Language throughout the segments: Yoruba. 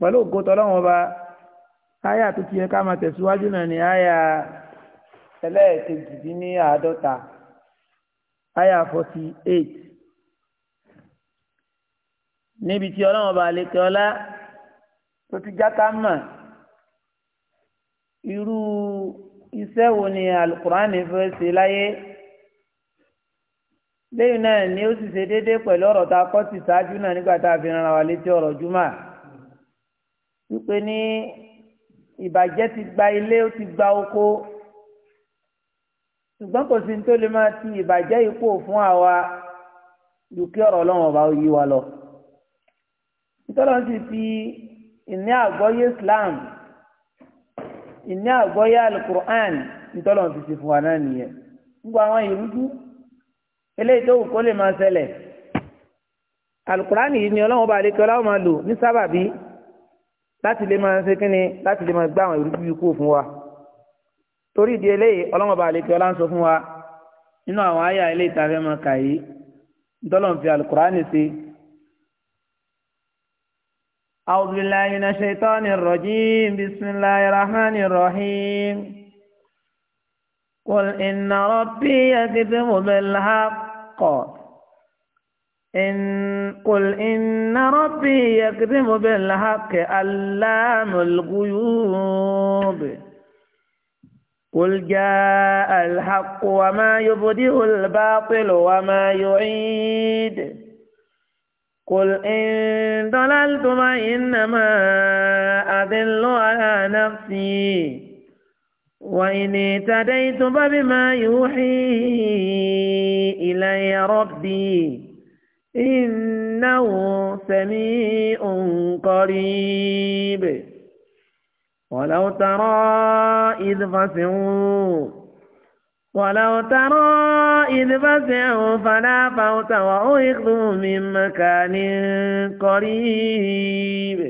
pẹ̀lú ògùn tọ́lọ́wọ́n ọba áyà tó ti yẹ ká máa tẹ̀síwájú náà ní áyà ẹlẹ́ẹ̀kejìdínláàádọ́ta áyà forty eight níbi tí ọlọ́wọ́n ọba àlekè ọlá tó ti já ká mà irú iṣẹ́ wo ni alukurani fẹ́ ṣe láyé lẹ́yìn náà ni ó sì ṣe déédéé pẹ̀lú ọ̀rọ̀ tá a kọ́ sí ṣáájú náà nígbà tá a fi rán ara létí ọ̀rọ̀ jùmọ̀ wípé ní ìbàjẹ́ ti gba ilé ó ti gba oko ṣùgbọ́n kò sí ní tó lè máa ti ìbàjẹ́ ipò fún àwa ju kí ọ̀rọ̀ ọlọ́run ọba yí wa lọ. nítorí sì fi ìní àgbọ́yé Islam ìní àgbọ́yé alukur'an nítorí sì fi fún wa náà nìyẹn. gbogbo àwọn ìrújú eléyìí tó wù kó lè máa ṣẹlẹ̀ alukur'an yìí ni ọlọ́run ọba àdékọ́lá máa lò ní sábàbí láti lè máa ṣe kínni láti lè máa gbá àwọn ìrújú yìí kú fún wa torí ìdí eléyìí ọlọ́mọba àlejò ọlá ń sọ fún wa nínú àwọn àyà ilé ìtafẹ́ máa kà yìí ntọ́lọ́n fi alukur'ani sí. أعوذ بالله من الشيطان الرجيم بسم الله الرحمن الرحيم قل إن ربي يكتب بالحق إن قل إن ربي يكذب بالحق ألام الغيوب قل جاء الحق وما يبدئ الباطل وما يعيد قل إن ضللت فإنما أضل على نفسي وإن اهتديت فبما يوحي إلي ربي إِنَّهُ سَمِيعٌ قَرِيبٌ وَلَوْ تَرَى إِذْ فزعوا وَلَوْ تَرَى إِذْ فزعوا فَلَا فوت وأخذوا من مكان قريب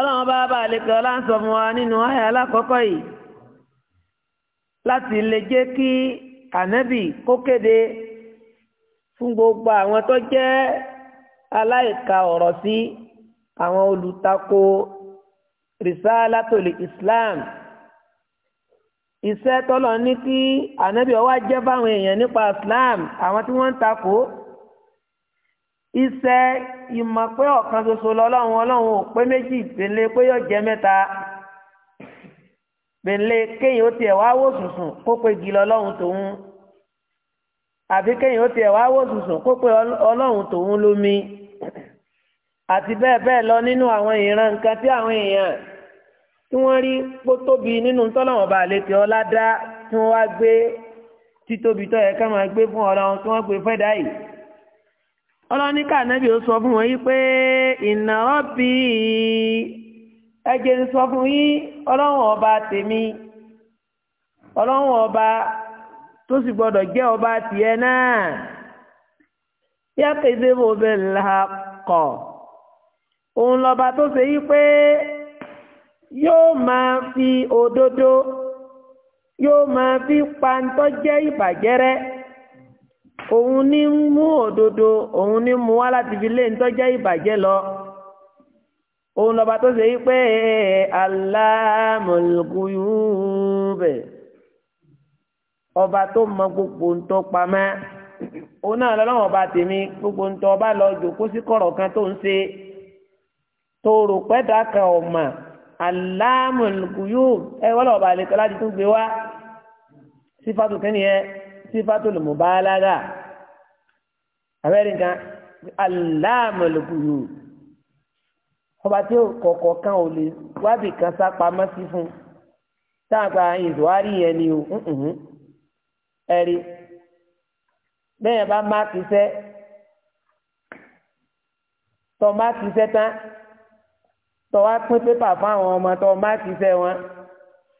ọlọ́run bá bá lè kọ́ láǹsọ fún wa nínú ayé alákọ̀ọ́kọ́ yìí láti lè jẹ́ kí ànábì kó kéde fún gbogbo àwọn tó jẹ́ aláìka ọ̀rọ̀ sí àwọn olùtakò risalatul islam iṣẹ́ tọ́lọ̀ ní kí ànábì ọwọ́ jẹ́ báwọn èèyàn nípa islam àwọn tí wọ́n ń takò iṣẹ́ ìmọ̀ pé ọ̀kan ṣoṣo lọ́lọ́run ọlọ́run ò pé méjì pèlè pé yóò jẹ́ mẹ́ta pèlè kéèyàn ó tiẹ̀ wá wò sùnsùn kó pe gí lọ́lọ́run tòun àfi kéèyàn ó tiẹ̀ wáá wò sùsùn kó pé ọlọ́run tòun lómi àti bẹ́ẹ̀ bẹ́ẹ̀ lọ nínú àwọn ìran nǹkan tí àwọn èèyàn tí wọ́n rí kó tóbi nínú tọ́lọ́wọ̀n bá lè tẹ́ ọ ládá tí wọ́n wá gbé títóbi tó yẹ ká máa gbé fún ọlọ́run tí wọ́n gbé fẹ́ dá yìí ọlọ́ni kànábì ó sọ fún wọn yìí pé ìnáwó bíi ẹjẹ ń sọ fún yín ọlọ́run ọba tèmi ọlọ́run ọba tó sì gbọdọ̀ jẹ́ ọba tiẹ̀ náà yákèdè mo bẹ̀ là kọ̀ òun lọ́ba tó ṣe yí pé yóò máa fi òdodo yóò máa fi pantọ́ jẹ́ ìbàjẹ́rẹ́ òun ní ń mú òdodo òun ní mú wá láti fi lé ńtọ́ jẹ́ ìbàjẹ́ lọ òun lọ́ba tó ṣe yí pé aláàmọ̀lùkùyù bẹ̀ ọba tó mọ gbogbo ń tọ́ pamẹ́ òun náà lọ́wọ́ ọba tèmi gbogbo ń tọ́ ọba lọ jòkó sí kọ̀rọ̀ kan tó ń ṣe tó rò pẹ́ẹ́dà kan ọ̀mà aláàmùlùkùyù ẹ wọ́n lọ́wọ́ ọba àlekọ́ láti tún gbé wá sífàtò kínní yẹn sífàtò lùmùbálágà abẹ́rẹ́ nǹkan aláàmùlùkùyù ọba tí kọ̀ọ̀kọ̀ kan ò lè wábì kan sá pamọ́ sí fún táàgbà ìzùwárí yẹn ni o ẹ̀rí bẹ́ẹ̀ bá máàkì sẹ́ tọ́ máàkì sẹ́ tán tọ́ wá pín pépà fáwọn ọmọ tọ́ máàkì sẹ́ wọn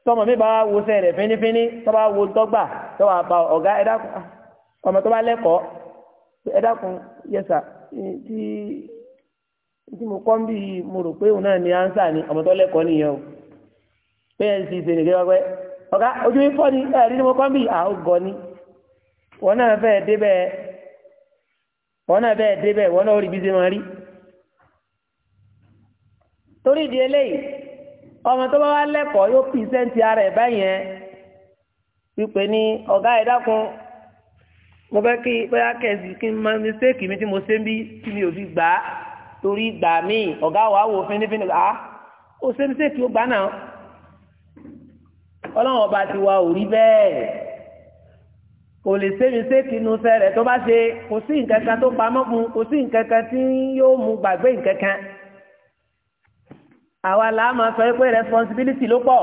tọmọ mi bá wá wo sẹ́ rẹ̀ fínífíní tọ́ bá wo dọ́gba tọ́ wà bá ọ̀gá ẹ̀dá ah, ọmọ tó bá lẹ́kọ̀ọ́ ẹ̀dá kun yẹsà tí tí mo kọ́ ń bí mo rò pé òun náà ní ánsà ni ọmọ tó lẹ́kọ̀ọ́ nìyẹn o pé ẹ̀ ń sì ṣe nìkẹ́ wá ọ̀gá ojú mi fọ́ ni ẹ̀rí ni mo kọ́ bí à ó gọ ni wọn náà fẹ́ débẹ̀ wọn náà fẹ́ débẹ̀ wọn náà rí bí ṣe máa rí torí ìdí eléyìí ọmọ tó bá wá lẹ́kọ̀ọ́ yóò pìsẹ́ǹtì ara ẹ̀ báyẹn wípé ní ọ̀gá ẹ̀ dákun mo fẹ́ kí bóyá kẹ̀sì kí n máa mistake mi tí mo ṣe ń bí tí mi ò fi gbà á torí gbà míì ọ̀gá wa wò fínífíní à ó ṣe mistake ó gbà náà ọlọ́run ọba ti wa ò rí bẹ́ẹ̀ kò lè sẹ́mi sékì nu sẹ́rẹ̀ tó bá ṣe kò sí nǹkan kan tó pamọ́ fún kò sí nǹkan kan tí yóò mú gbàgbé nǹkan kan àwa là á máa sọ pé responsibility ló pọ̀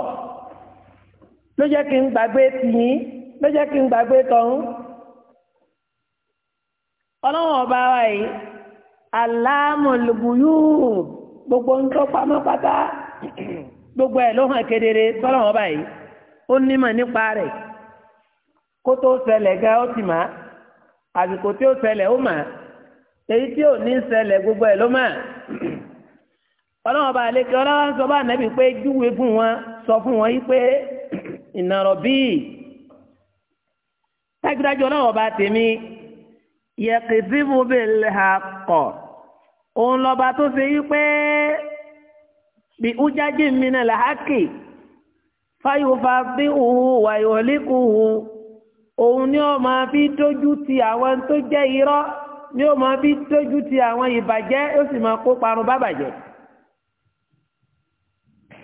ló jẹ́ kí n gbàgbé tìyín ló jẹ́ kí n gbàgbé tọ̀hún ọlọ́run ọba wa yìí aláàmọ̀lùbùyù gbogbo ń tọ́ pamọ́ pátá gbogbo ẹ̀ ló hàn kedere tọ́lọ́run ọba yìí ó nímọ̀ nípa rẹ̀ kó tó ṣẹlẹ̀ gan ó ti mà á àsìkò tí ó ṣẹlẹ̀ ó mà á èyí tí ò ní ṣẹlẹ̀ gbogbo ẹ̀ ló mà á ọlọ́wọ́n bá àlékè ọlọ́wọ́n sọ bá ànábì pé júwe fún wọn sọ fún wọn yí pé ìnàrọ̀ bíi tájúdájú ọlọ́wọ́n bá tèmi yẹkìtìmù bẹ́ẹ̀ ha kọ̀ òun lọ́ba tó ṣe yí pé bí ujájí mi náà làákè fáyọ̀fà bí òun wàyọ̀ lẹ́kùn òun ni ó máa fi dójú ti àwọn tó jẹ́ irọ́ ni ó máa fi dójú ti àwọn ìbàjẹ́ ó sì máa kó parun bá bàjẹ́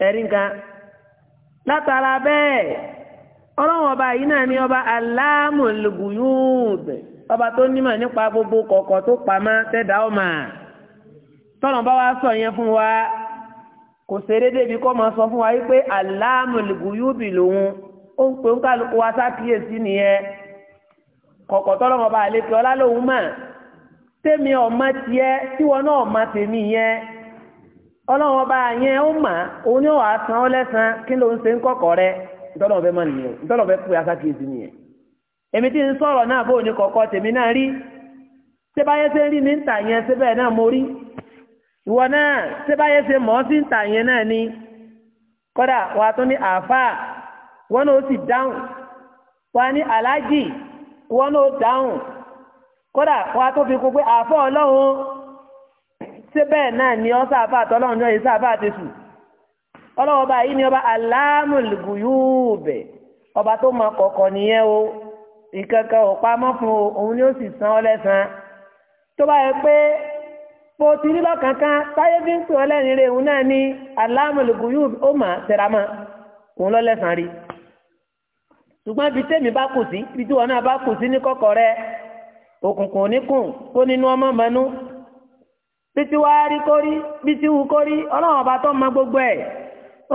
ẹ̀rí nǹkan látara bẹ́ẹ̀ ọlọ́run ọba yìí náà ni ọba aláàmúlùgùyùd ọba tó nímọ̀ nípa gbogbo kọ̀ọ̀kọ̀ tó pamọ́ tẹ́dá ọmọ tọ́nà bá wa sọ yẹn fún wa. kò ṣeré débi kọ́ máa sọ fún wa yí pé aláàmùlùkù yúbì lòun ó ń pè ń kálukú wa sákìyèsí nìyẹn kọ̀kọ̀ tọ́lọ́ bá àlékè ọlá lòun mà tèmi ọ̀ma náà ọ̀ma tèmi yẹn bá yẹn ó mà òun yóò wá san lẹ́sàn kí ló ń ń kọ̀kọ̀ rẹ fẹ́ nìyẹn fẹ́ pè nìyẹn èmi tí ń sọ̀rọ̀ náà bóun ní kọ̀kọ̀ tèmi náà rí ṣé báyẹn ṣe ń rí ní ń ìwọ náà ṣé báyẹn ṣe mọ̀ ọ́ sí ìta yẹn náà ni kódà wà á tún ní àáfàá wọn náà ó sì dáhùn wà á ní aláàjì wọn náà ó dáhùn kódà wà á tó fi kún pé àáfàá ọlọ́run ṣé bẹ́ẹ̀ náà ni ọ́ sáfà àtọ́lọ́run ní ọ̀yẹ́ sáfà àtẹ̀sù ọlọ́wọ́ bá yìí ni ọba aláàmùlùgùyùbẹ̀ ọba tó mọ kọ̀ọ̀kọ̀ nìyẹn o ìkẹ̀kẹ̀ ò pamọ́ fún òun ni ó sì san ọ́ lẹ́san tó bá pé bó ti kankan, táyé bí ń pè ọ́ naa rẹ̀ òun náà ní aláàmúlùkù yóò ó mà tẹ̀ramọ́ òun lọ́lẹ́sàn rí ṣùgbọ́n ibi tèmi bá kù sí ibi tí wọn náà bá kù sí ní kọ́kọ́ rẹ òkùnkùn oníkùn nínú ọmọ mọ́nú rí kórí bí ọba gbogbo ẹ̀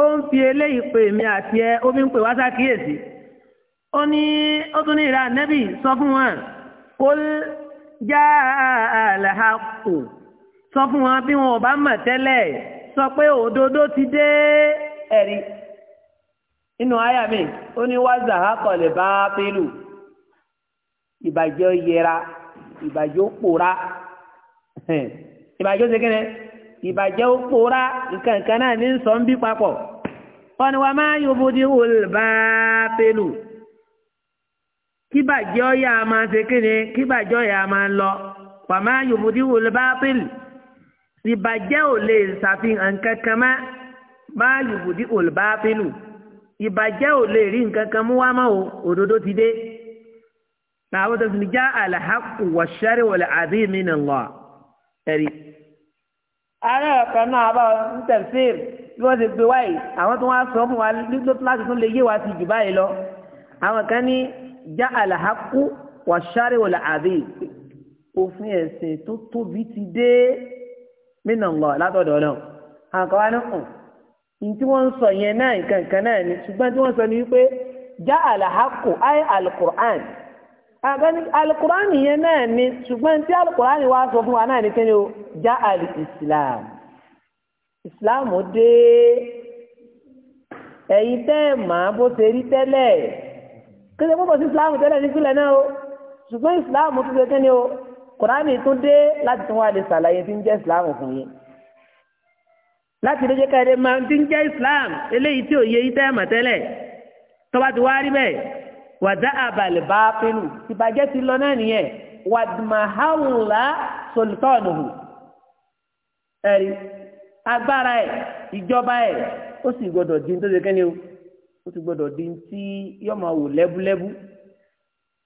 ó ń fi eléyìí pè mí àti ẹ ń pè wá sákìyèsí ó ní sọ fún wọn bí wọn ò bá mọ̀ tẹ́lẹ̀ sọ pé òdodo ti dé ẹ̀rí inú àyà mi ó ní wáza akọ̀lẹ̀ bá pẹ̀lú ìbàjẹ́ yẹra ìbàjẹ́ òpòra ìbàjẹ́ òsèkéne ìbàjẹ́ òpòra nǹkan kan náà ní sọ ń bí papọ̀ wọn ni wọn máa yóò bójú wòlè bá pẹ̀lú kíbàjẹ́ ọ̀yà máa ṣe kéne kíbàjẹ́ ọ̀yà máa lọ wàmáyòbódìwòlè bá pẹ̀lú ìbàjẹ́ ò lè ṣàfihàn kankan mọ́ báàlù bùdí olùbáfẹ́lù ìbàjẹ́ ò lè rí nǹkan kan mú wá mọ́ o òdodo ti dé làwọn tó fi já al-haqqu wash-shar'u al-'azim min Allah ẹ̀rí. ara ọ̀kan náà bá ń tafsir bí wọ́n ti gbé wáyé àwọn tó wá sọ fún wa láti tún lè yé wa ti jù báyìí lọ àwọn kan ní já al-haqqu wash-shar'u al òfin ẹ̀sìn tó tóbi ti dé mínà ń lọ látọ̀dọ̀ náà àkàwá ní hàn ntí wọ́n ń sọ yẹn náà nǹkan kan náà ni ṣùgbọ́n tí wọ́n sọ ni wípé já àlàhàkù ayé alukur'an àgbẹ̀ni alukur'an yẹn náà ni ṣùgbọ́n tí alukur'an wá sọ fún wa náà ni kíni o já àlì islam islam dé ẹ̀yin tẹ́ ẹ̀ máa bó ṣe rí tẹ́lẹ̀ kí ló ń bọ̀ sí islam tẹ́lẹ̀ nípìnlẹ̀ náà o ṣùgbọ́n islam tún ṣe kíni o kùránì tó dé láti tún wá lè ṣàlàyé tí ń jẹ́ islam fún yín láti lè jẹ́ káyọ̀dé máa ti ń jẹ́ islam eléyìí tí ò yẹ itẹ́ àmọ̀tẹ́lẹ̀ tọ́ba ti wá rí bẹ́ẹ̀ wàdà àbàlẹ̀ bá pẹ́lú ìbàjẹ́ ti lọ náà nìyẹn wàdìmáhàwùlá sọlítọ́ọ̀nù ẹ̀rí agbára ẹ̀ ìjọba ẹ̀ ó sì gbọdọ̀ di tó ṣe kẹ́ni o ó sì gbọdọ̀ di tí yọmọ wò lẹ́búlẹ́bú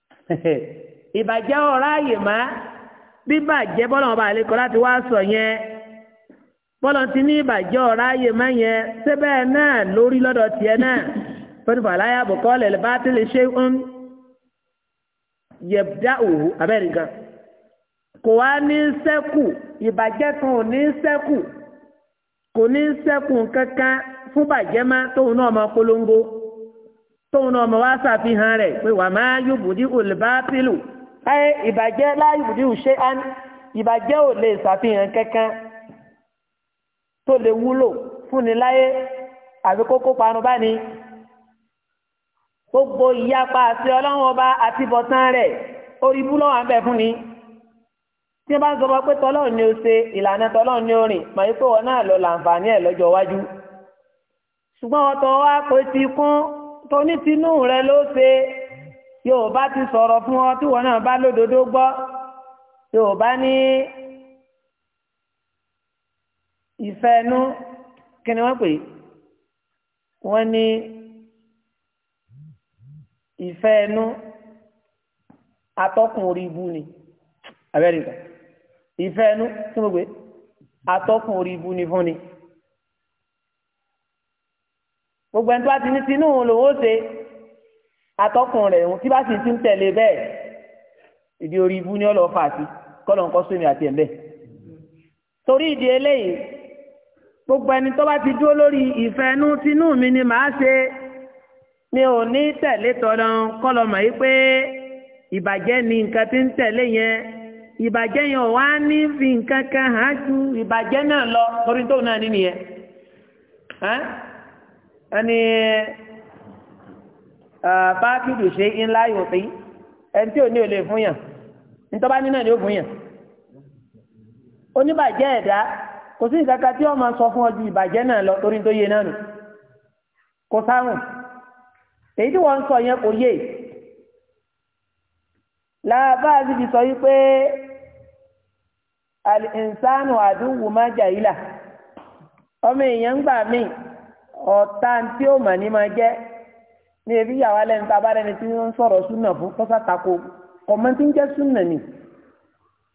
ìbàjẹ́ ọ̀rá àyè máa bíbàjẹ́ bọ́lọ̀ ọba àlekọ́ láti wá sọ yẹn bọ́lọ̀ ti ní ìbàjẹ́ ọ̀rá ayé mọ́ yẹn síbẹ̀ náà lórí lọ́dọ̀ tiẹ̀ náà fẹ́ẹ́ fà láyà bùkọ́ lẹ̀lẹ́ bá ti lè ṣe ń yẹ̀dá òwò abẹ́rìngà kò wá ní sẹ́kù ìbàjẹ́ kan ò ní sẹ́kù kò ní sẹ́kù kankan fún bàjẹ́ má tóun náà mọ polongo tóun náà mọ wá ṣàfihàn rẹ̀ pé wà má yóò bùdí olùbá pílù ẹ ìbàjẹ́ láì bùdíwù ṣe án ìbàjẹ́ ò lè ṣàfihàn kankan tó lè wúlò fúnni láyé àbí kókó panu bá ní gbogbo ìyapa àti ọlọ́run ọba àti bọ̀tán rẹ̀ orí bú lọ́wọ́ àbẹ̀ fún ni tí wọ́n bá ń sọ wá pé tọ́lọ́run ni ó ṣe ìlànà tọ́lọ́run ni ó rìn màá pé wọn náà lọ làǹfààní ẹ̀ lọ́jọ́ iwájú ṣùgbọ́n ọ̀tọ̀ wa pé ti kún toní tinú rẹ ló ṣe tí o bá ti sọ̀rọ̀ fún ọ tí wọn náà bá lódodo gbọ́ tí o bá ní ìfẹ́ inú kí ni wọ́n pè wọ́n ní ìfẹ́ inú atọ́kùn orí ibu ni abẹ́rẹ́ nǹkan ìfẹ́ inú tí mo pè atọ́kùn orí ibu ni fún ni gbogbo ẹni tó bá ti ní tinú lòun ó ṣe atọ́kùn rẹ̀ ń tí bá sì ti ń tẹ̀lé bẹ́ẹ̀ ìdí orí ibú ni ọlọ́ fà sí kọ́lọ̀ ń kọ́ sómi àti ẹ̀ bẹ́ẹ̀. torí ìdí eléyìí gbogbo ẹni tó bá ti dúró lórí ìfẹ́ inú tinú mi ni màá ṣe mi ò ní tẹ̀lé tọ́lọ́ kọ́lọ̀ mọ̀ yí pé ìbàjẹ́ ni nǹkan tí ń tẹ̀lé yẹn ìbàjẹ́ yẹn ò wá ní fi nǹkan kan hàn ju ìbàjẹ́ náà lọ torí tóun náà ní nìyẹn. ẹni báàkìdù ṣe ńlá yóò pín ẹni tí ò ní olè fún yàn nítorí bá ní náà ni ó fún yàn oníbàjẹ́ ẹ̀dá kò sí ìkàkà tí wọ́n máa sọ fún ọ ju ìbàjẹ́ náà lọ torí tó yé náà nù kò sáhùn èyí tí wọ́n ń sọ yẹn kò yé làbá àbíbi sọ wípé alìsánù àdúgbò máa jà yìí là ọmọ èèyàn ń gbà míì ọ̀tá tí ó mà ní máa jẹ́ ní ebi yàwá lẹ́nu tá a bá rẹni tí wọ́n sọ̀rọ̀ tako kọ̀mọ́ntì ń jẹ́ ni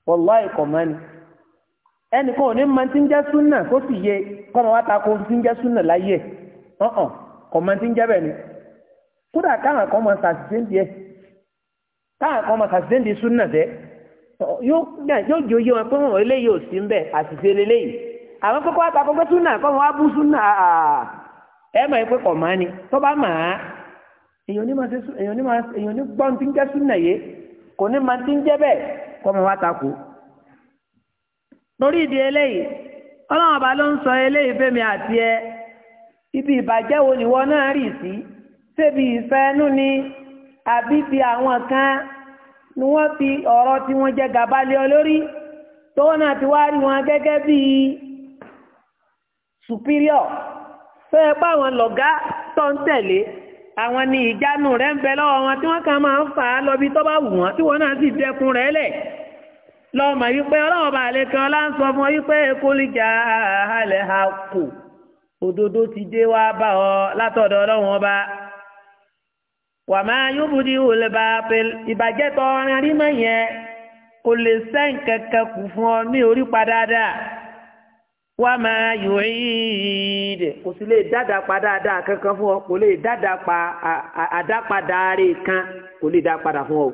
wàláì kọ̀mọ́ni ẹnìkan ò ní mọ́ntì ń jẹ́ súnà kó sì yẹ tako ti ń jẹ́ súnà láyé ọ̀hàn kọ̀mọ́ntì ń jẹ́ bẹ́ẹ̀ ni kódà káwọn kan máa káwọn kan máa súnà tẹ́ yóò jó yé wọn pé wọn sí ń àṣìṣe èèyàn ní gbọ́n tí ń jẹ́ súnà yé kò ní máa ti ń jẹ́ bẹ́ẹ̀ kọ́ mọ wá takò. torí ìdí eléyìí ọlọ́run ọba ló ń sọ eléyìí fẹ́mi àti ẹ ibi ìbàjẹ́ wo nìwọ náà rì sí ṣébi ìfẹ́ ẹnu ni àbí fi àwọn kan ni wọ́n fi ọ̀rọ̀ tí wọ́n jẹ gàba lé ọ lórí tọ́wọ́ náà ti wá rí wọn gẹ́gẹ́ bí superior fẹ́ẹ́ pàwọn lọ̀gá tó ń tẹ̀lé àwọn ni ìjánu rẹ̀ ń bẹ lọ́wọ́ wọn tí wọ́n kàn máa ń fà á lọ bí tó bá wù wọ́n tí wọ́n náà sì dẹkùn rẹ̀ lẹ̀ lọ́mọ wípé ọlọ́wọ́ bá lè kan ọlá ń sọ fún ọ wípé àhálẹ̀ ha kò òdodo ti dé wá bá ọ látọ̀dọ̀ ọlọ́wọ́n ọba wàmá yóbùdí wòlé bá ìbàjẹ́ tọ́ ọ̀rìn arímọ̀ yẹn kò lè sẹ́ǹkẹ̀kẹ̀ kù fún ọ ní orí padà dáa wá máa yùn ìdè kò sí lè dáadáa pa dáadáa kankan fún ọ kò lè dáadáa pa àdápadàárè kan kò lè dáa padà fún ọ.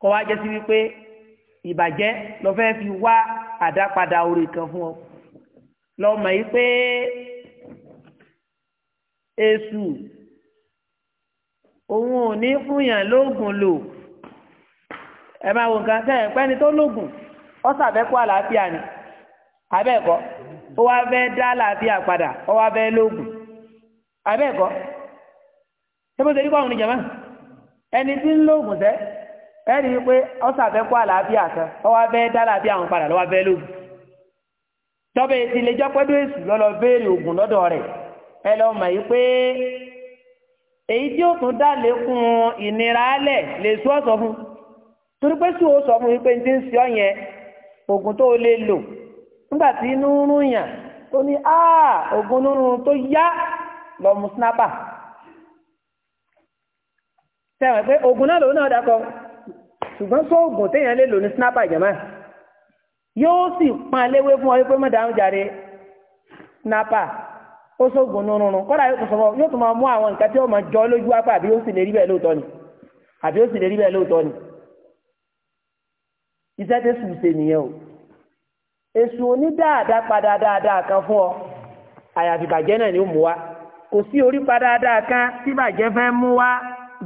kọ́ wa jẹ́ sí wípé ìbàjẹ́ lọ fẹ́ fi wá àdápadà orí kan fún ọ lọ́mọ yìí pé èṣù òun ò ní fúnyàn lóògùn lò ẹ máa wo nǹkan tẹ́ ẹ pẹ́ni tó lóògùn ọ̀sàbẹ́kọ̀ àlàáfíà ni. abẹ́ẹ̀kọ́ ó wá fẹ́ dá làáfíà padà ó wá fẹ́ lóògùn abẹ́ẹ̀kọ́ ṣébùsẹ̀ yìí kọ́ọ̀rùn ìjàmá ẹni tí ń lóògùn sẹ́ ẹni wípé ó sàfẹ́ kó àlàáfíà kan ó wá fẹ́ dá làáfíà wọn padà fẹ́ lóògùn tọ́bẹ̀ lè pẹ́dú èsù lọ́lọ́ béèrè ògùn lọ́dọ̀ rẹ̀ ẹ lọ mọ̀ yìí pé èyí tí ó tún dá lékún ìnira lẹ̀ lè sú ọ̀sọ̀ fún torí pé sùn ó sọ fún ní ti ń sọ yẹn ògùn tó nígbà tí inú ń rún yàn tó ní áà ogun nínú tó yá lọ mú snapper sẹ́wọ̀n pé ogun náà lòun náà dákọ̀ ṣùgbọ́n sọ ogun téèyàn lè lò ní snapper jẹ̀mọ́ yóò sì pọn léwé fún ọ pé mọ̀dà ń jàre snapper ó sógun nínú kọ́dà yóò tún máa àwọn nǹkan tí ó máa jọ lójú apá àbí ó sì lè rí bẹ́ẹ̀ lóòótọ́ ni àbí ó sì lè rí bẹ́ẹ̀ lóòótọ́ ni iṣẹ́ tẹ́sùn ṣe nìyẹn o èsù onídáadáa padà dáadáa kan fún ọ àyàfi bàjẹ́ náà ni ó mú wa kò sí orí padà dáadáa kan tí bàjẹ́ fẹ́ mú wa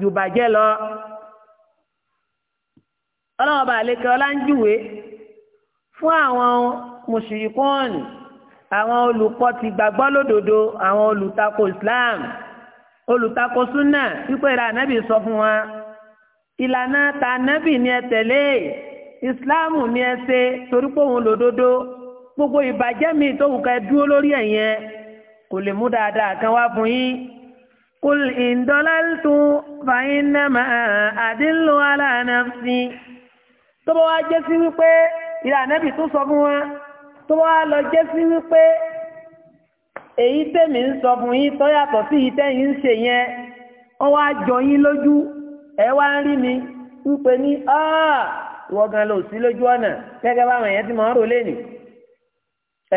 jù bàjẹ́ lọ ọlọ́wọ́ bá àlékẹ́ ọláńjúwe fún àwọn mùsùlùmí àwọn olùkọ́ ti gbàgbọ́ lódodo àwọn olùtakò Islam olùtakò súnà wípé ra ànábì sọ fún wa ìlànà tànábì ni ẹ tẹ̀lé ìsìláàmù ni ẹ ṣe torí pé òun lòdodo gbogbo ìbàjẹ́ mi tó wù ká ẹ dúró lórí ẹ̀ yẹn kò lè mú dáadáa kan wá fún yín. قل إن ضللت فإنما أدل على نفسي tó bá wá jẹ́ sí wípé ìlà nẹ́bì tó sọ fún wa tó bá wá lọ jẹ́ sí wípé èyí tèmi ń sọ fún yín tó yàtọ̀ sí yìí tẹ́yìn ń ṣe yẹn wọ́n wá jọ yín lójú ẹ̀ wá ń rí mi ń pè ní ọ́ọ̀. Ah, wọ́n gan ló sí lójú ọ̀nà gẹ́gẹ́ báwọn èèyàn ti máa ń rò lé nì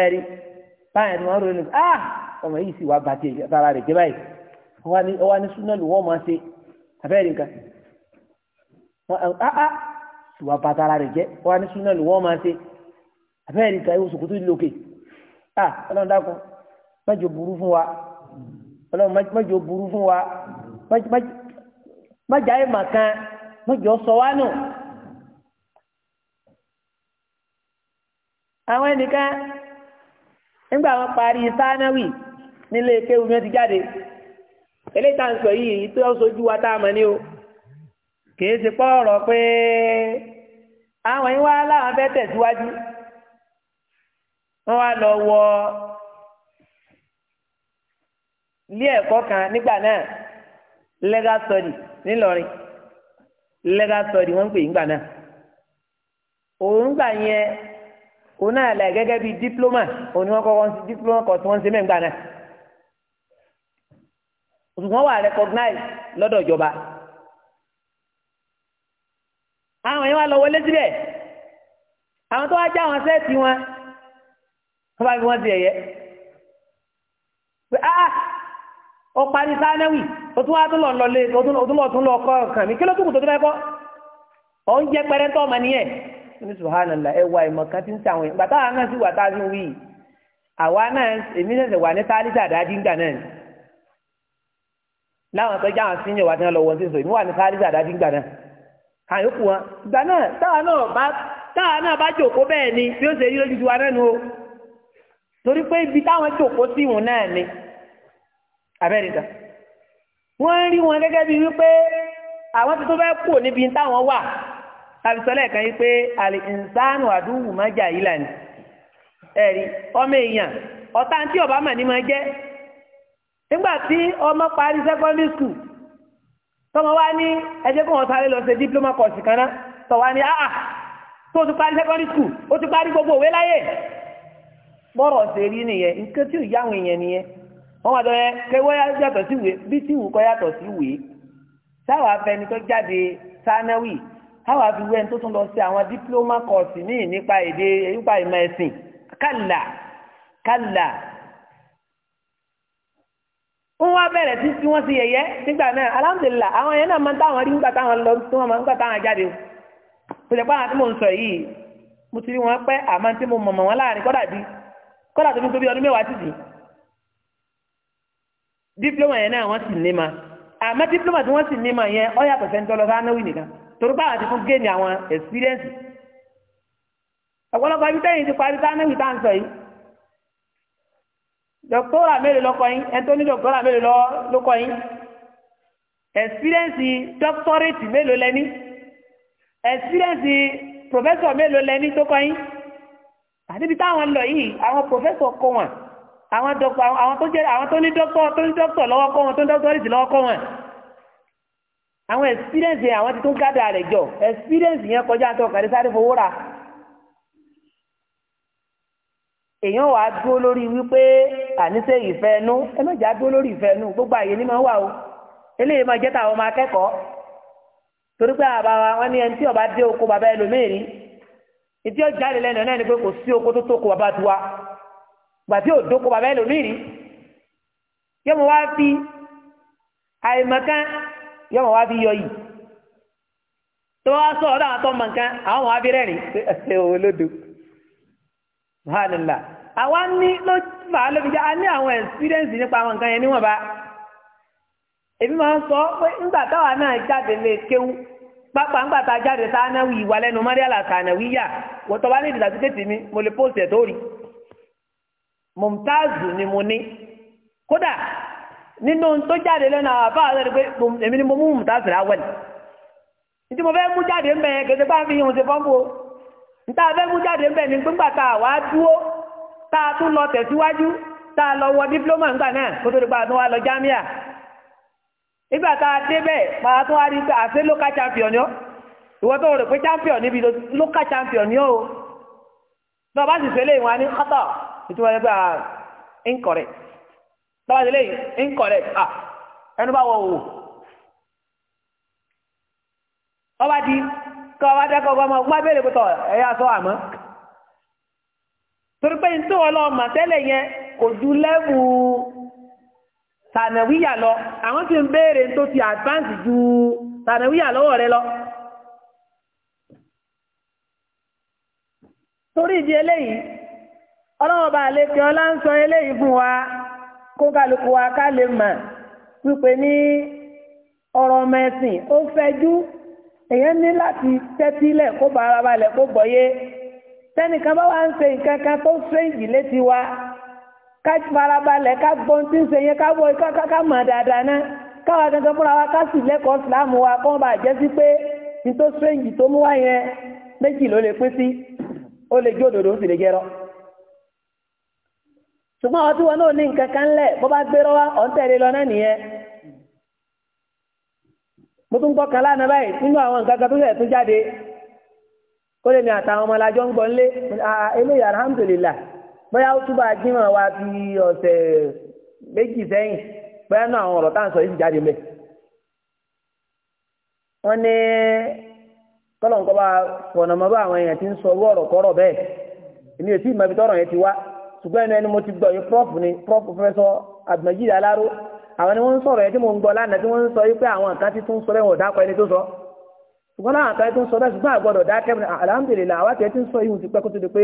ẹ̀rí báwọn èèyàn ti máa ń rò lé nì ah ọmọ yìí sì wá ba ti ara rẹ̀ jẹ́ báyìí wọ́n ní súná lù wọ́n máa ṣe àbẹ́rẹ́ nǹkan ah ah sì wá ba ti ara rẹ̀ jẹ́ wọ́n ní súná lù wọ́n máa ṣe àbẹ́rẹ́ nǹkan ewu sòkòtò lókè ah ọlọ́run dákun mẹ́jọ burú fún wa ọlọ́run mẹ́jọ burú fún wa mẹ́jọ ayé màkàn mẹ́jọ sọ wá náà. àwọn ẹnìkan nígbà wọn parí sánáwì nílé kéwù ní wọn ti jáde eléyìí tá à ń sọ yìí tó sojú wa tá a ní o kìí ṣe pọ́ ọrọ pé àwọn yìí wá láwọn wọn wá lọ wọ ilé kan nígbà náà ń pè ona la là bi diploma òun ni wọ́n diploma kọ́ tí ń náà wà recognize lọ́dọ̀ ìjọba àwọn yẹn wá lọ wọlé síbẹ̀ àwọn tó wá já wọn sẹ́ẹ̀tì wọn wọ́n bá fi wọn ti ẹ̀yẹ pé áá ah, ó parí sánáwì ó tún wá tún lọ lọlé tún lọ tún lọ kí ló tún kù tó ń ọmọ nìyẹn. ní subhanallah ẹ wá ìmọ̀ kan ti ń sàwọn yẹn gbàtà àwọn náà sì wà tá a fi ń wí àwa náà èmi ṣẹ̀ṣẹ̀ wà ní tálísà dájú ńgbà náà láwọn tó jáwọn sí yẹn wà tí wọn lọ wọn sí sọ èmi wà ní tálísà dájú ńgbà náà àwọn yòókù wọn ìgbà náà táwa náà bá táwa náà bá jòkó bẹ́ẹ̀ ni bí ó ṣe rí lójú tiwa náà nu o torí pé ibi táwọn jòkó sí wọn náà ni abẹ́rẹ́dà wọ́n rí wọn gẹ́gẹ́ bíi wípé àwọn tuntun fẹ́ kù níbi táwọn wà àbísọ́lẹ̀ kan yí pé àlè ìsánù àdúgbò jà yìí lànà ẹ̀rí ọmọ èèyàn ọ̀tá tí ọba ní máa jẹ́ nígbà tí ọmọ parí secondary school tọmọ wá ní ẹjẹ kó wọn sáré lọ tọwa ní àà tó ti parí secondary school ó ti parí gbogbo òwe láyè bọ́rọ̀ nìyẹn nǹkan tí ò nìyẹn wọ́n wá dọ́yẹ yàtọ̀ sí ìwé bí tí ìwù kọ́ yàtọ̀ sí ìwé tó How have you went to tún lọ sí àwọn diploma course míì nípa èdè nípa ìmọ̀ ẹ̀sìn kálà kálà wọ́n wá bẹ̀rẹ̀ sí tí wọ́n sì yẹ̀yẹ́ nígbà náà alhamdulilah àwọn yẹn náà máa ń táwọn rí nígbà táwọn lọ tí wọ́n máa ń gbà táwọn jáde kò lè pa àwọn tí mò ń sọ yìí mo ti rí wọn pẹ́ àmọ́ tí mo mọ̀mọ́ wọn láàrin kọ́dà bí kọ́dà tó fi tóbi ọdún mẹ́wàá títì dípílọ́mà yẹn náà wọ́n sì ní ma àmọ́ dípílọ́mà tí wọ́n sì ní ma yẹn ó yàtọ̀ sẹ́ńtọ́ lọ sáà náwó nìkan torí báwa ti fún géènì àwọn experience ọ̀pọ̀lọpọ̀ ibi tẹ́yìn ti parí sáńdẹ̀wì tá à ń sọ yìí dọ́kítọ́rà mélòó lọ́kọ yín ẹni tó ní dọ́kítọ́rà mélòó lọ́kọ yín experience doctorate mélòó lẹ́ni experience professor mélòó lẹ́ni tó kọ́ yín àdébí táwọn lọ yìí àwọn professor kọ́ wọn àwọn tó jẹ́ àwọn tó ní doctor tó ní doctor lọ́wọ́ kọ́ wọn tó ní doctorate lọ́wọ́ kọ́ wọn àwọn experience yẹn àwọn ti tún gádà rẹ̀ jọ experience yẹn kọjá tó kàrí sáré fowó rà èèyàn wàá dúró lórí wípé àníṣe ìfẹ́ ẹnu ẹ má jà dúró lórí ìfẹ́ ẹnu gbogbo àyè ni máa wà o eléyìí máa jẹ́ tàwọn ọmọ akẹ́kọ̀ọ́ torí pé àbá wa wọn ní ẹni tí ọba dé oko bàbá ẹlòmíìrí ìdí ọjà lè lẹ́nu náà ni pé kò sí oko tó tó ko bàbá tiwa gbàtí ò dóko bàbá ẹlòmíìrí yọmọ wá fi àìmọ̀kan yọmọ wá bí yọ yìí tó wá sọ ọ̀dọ̀ àtọ́ mọ̀ nǹkan àwọn wá bí rẹ́rìn ṣe òwe lódò hàlùlà àwa ní ló fà á lóbi jẹ́ a ní àwọn ẹ̀sìpírẹ́ǹsì nípa àwọn nǹkan yẹn níwọ̀nba èmi máa ń sọ pé ńgbà táwa náà jáde lè kéwú pápá ńgbà tá a jáde sánáwì ìwà lẹ́nu mọ́ríàlà sánáwìyà wọ́n tọ́ bá ní ìdìlà títí mi mo lè póòsì ẹ̀ tó rí mọ̀mtáàzù ni mo ní kódà nínú tó jáde lẹ́nu àbá àti pé èmi ni mo mú mùtá sílẹ̀ awẹ́lì ìdí mo fẹ́ mú jáde ń bẹ bá fi hàn ṣe fọ́nbó níta fẹ́ mú jáde ń ní gbígbà tá a wá dúró tá a tún lọ tẹ̀síwájú tá a lọ wọ dípúlọ́mà ńgbà náà kó tó di pa àtún lọ jámíà ìgbà tá a dé bẹ́ẹ̀ pàtó tún wá rí pé àṣẹ local champion yọ ìwọ tó rò pé champion níbi local champion yọ o tó o bá sì fẹ́lẹ̀ ìwọ̀n á tọ́wọ́ ilé yìí incorrect à ẹnu bá wọ òwò ọba di ọgbọ́n pẹ̀tọ̀ ẹ̀yà sọ àmọ́ torí pé ní tí lọ mà tẹ́lẹ̀ yẹn kò ju lẹ́wù tànàwíyà lọ àwọn ti ń béèrè tó ti advance ju tànàwíyà lọ́wọ́ rẹ lọ. torí ìdí eléyìí kó kálukú wa ká lè mọ̀ wípé ní ọ̀rọ̀ ọmọ ẹ̀sìn ó fẹjú èèyàn ní láti tẹ́tílẹ̀ kó bá ara balẹ̀ kó gbọ́yé tẹ́nìkan bá wà ń ṣe nǹkan kan tó fẹ́ǹgì létí wa ká fara balẹ̀ ká gbọ́n tí ń ṣe yẹn ká wọ ká mọ̀ dáadáa náà káwa gangan fúnra wa ká sì lẹ́kọ̀ọ́ síláàmù wa kọ́ bá jẹ́ sí pé ní tó fẹ́ǹgì tó mú wá yẹn méjì ló lè pín sí ó lè jó òdòdó ó sì lè jẹ́rọ. ṣùgbọ́n àwọn ti wọn náà ní nǹkan kan lẹ̀ bó bá gbé rọ́wá ọ̀ntẹ̀lẹ̀ lọ náà nìyẹn mo tún gbọ́ kan lánàá báyìí nínú àwọn nǹkan kan tó yẹ tún jáde kó lè mi àtàwọn ọmọ alájọ ń gbọ́ bóyá ó túbọ̀ wa fi ọ̀sẹ̀ méjì sẹ́yìn bóyá náà àwọn ọ̀rọ̀ tá à ń sọ yìí jáde mẹ́ wọ́n ní kọ́lọ̀ bá àwọn èèyàn ti ń sọ owó ṣùgbọ́n ẹni mo ti gbọ́ yìí prof ni prof professor abdulmajid alaro àwọn ni wọ́n ń sọ̀rọ̀ yẹn tí mo ń gbọ́ lánàá tí wọ́n ń sọ wípé àwọn nǹkan ti tún sọ lẹ́wọ̀n dákọ̀ ẹni tó sọ ṣùgbọ́n láwọn nǹkan tó ń sọ bẹ́ẹ̀ ṣùgbọ́n àgbọ̀dọ̀ dákẹ́ alhamdulillah àwọn àti ẹ ti ń sọ yìí ti pẹ́ kó tó di pé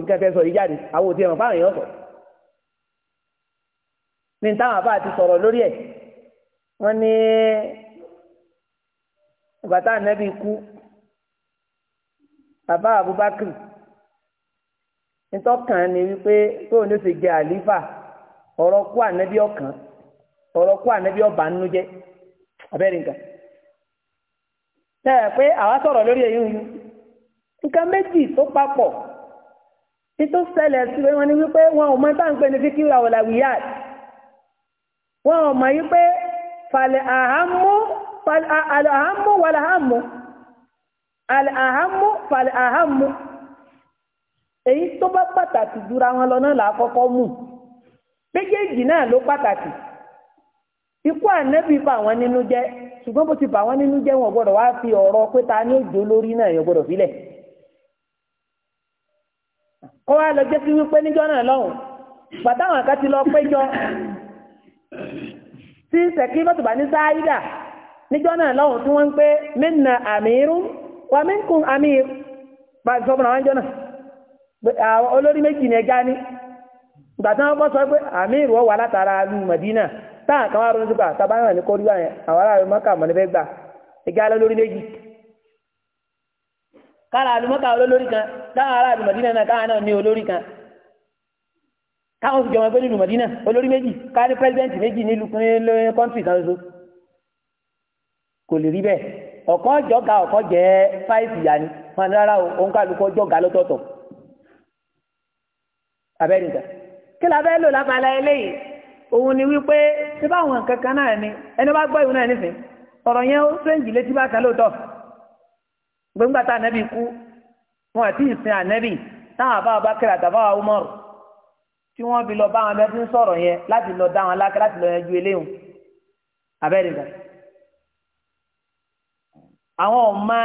nǹkan fẹ́ sọ yìí jáde àwọn òtí ntọ́kàn ni wípé tóun ló fi jẹ àlífà ọ̀rọ̀ kú ànábì ọ̀kan ọ̀rọ̀ kú ànábì ọ̀bà nínú jẹ́ abẹ́rẹ́ nǹkan. pé àwa sọ̀rọ̀ lórí èyí yìí nǹkan méjì tó papọ̀ títú ṣẹlẹ̀ sí wọn ni wípé wọn ò mọ táwọn wọn ò mọ yí pé falẹ̀ èyí tó bá pàtàkì jura wọn lọ náà là á mú méjèèjì náà ló pàtàkì ikú ànẹ́bí nínú ṣùgbọ́n bó ti bà wọ́n nínú jẹ́ wọn fi ọ̀rọ̀ pé ta ni òjò lórí náà yọ gbọ́dọ̀ sílẹ̀ kọ́ wa lọ jẹ́ sí wípé níjọ́ náà lọ́hùn lọ péjọ tí bá ní sáyídà níjọ́ náà lọ́hùn na àmì irú ń Ah, olórí méjì ní ẹja ní ìgbà tí wọ́n kọ́ sọ pé àmì ìrọ̀ wà látara Mẹdínà táà kan wá ronú sípà ah, tabaríwà ní kórìíwá yẹn àwọn aráàlú mọ́kà mọ́ níbẹ̀ gbà ẹja lórí méjì kára mọ́kà olórí kan náà náà ní olórí kan káwọn fi jọmọ pé olórí méjì ká ní méjì kò lè rí bẹ́ẹ̀ ọ̀kan ọ̀kan jẹ́ fáìsì ni wọn rárá abẹ́rìndà kí la fẹ́ lò lábala eléyìí òun ni wípé tí báwọn nǹkan kan náà ni ẹni bá gbọ́ ìwé náà nísìn ọ̀rọ̀ yẹn ó sẹ́ǹjì létí bá kan lóòótọ́ gbẹ̀ngbà tá ànábì kú wọn àti ìsìn ànábì táwọn àbá wa bá kẹrẹ àtàbá wa Umaru tí wọ́n fi lọ bá wọn bẹ́ẹ̀ fi ń sọ̀rọ̀ yẹn láti lọ dá wọn lákẹ́ láti lọ yanjú eléyìí abẹ́rìndà àwọn ọ̀ma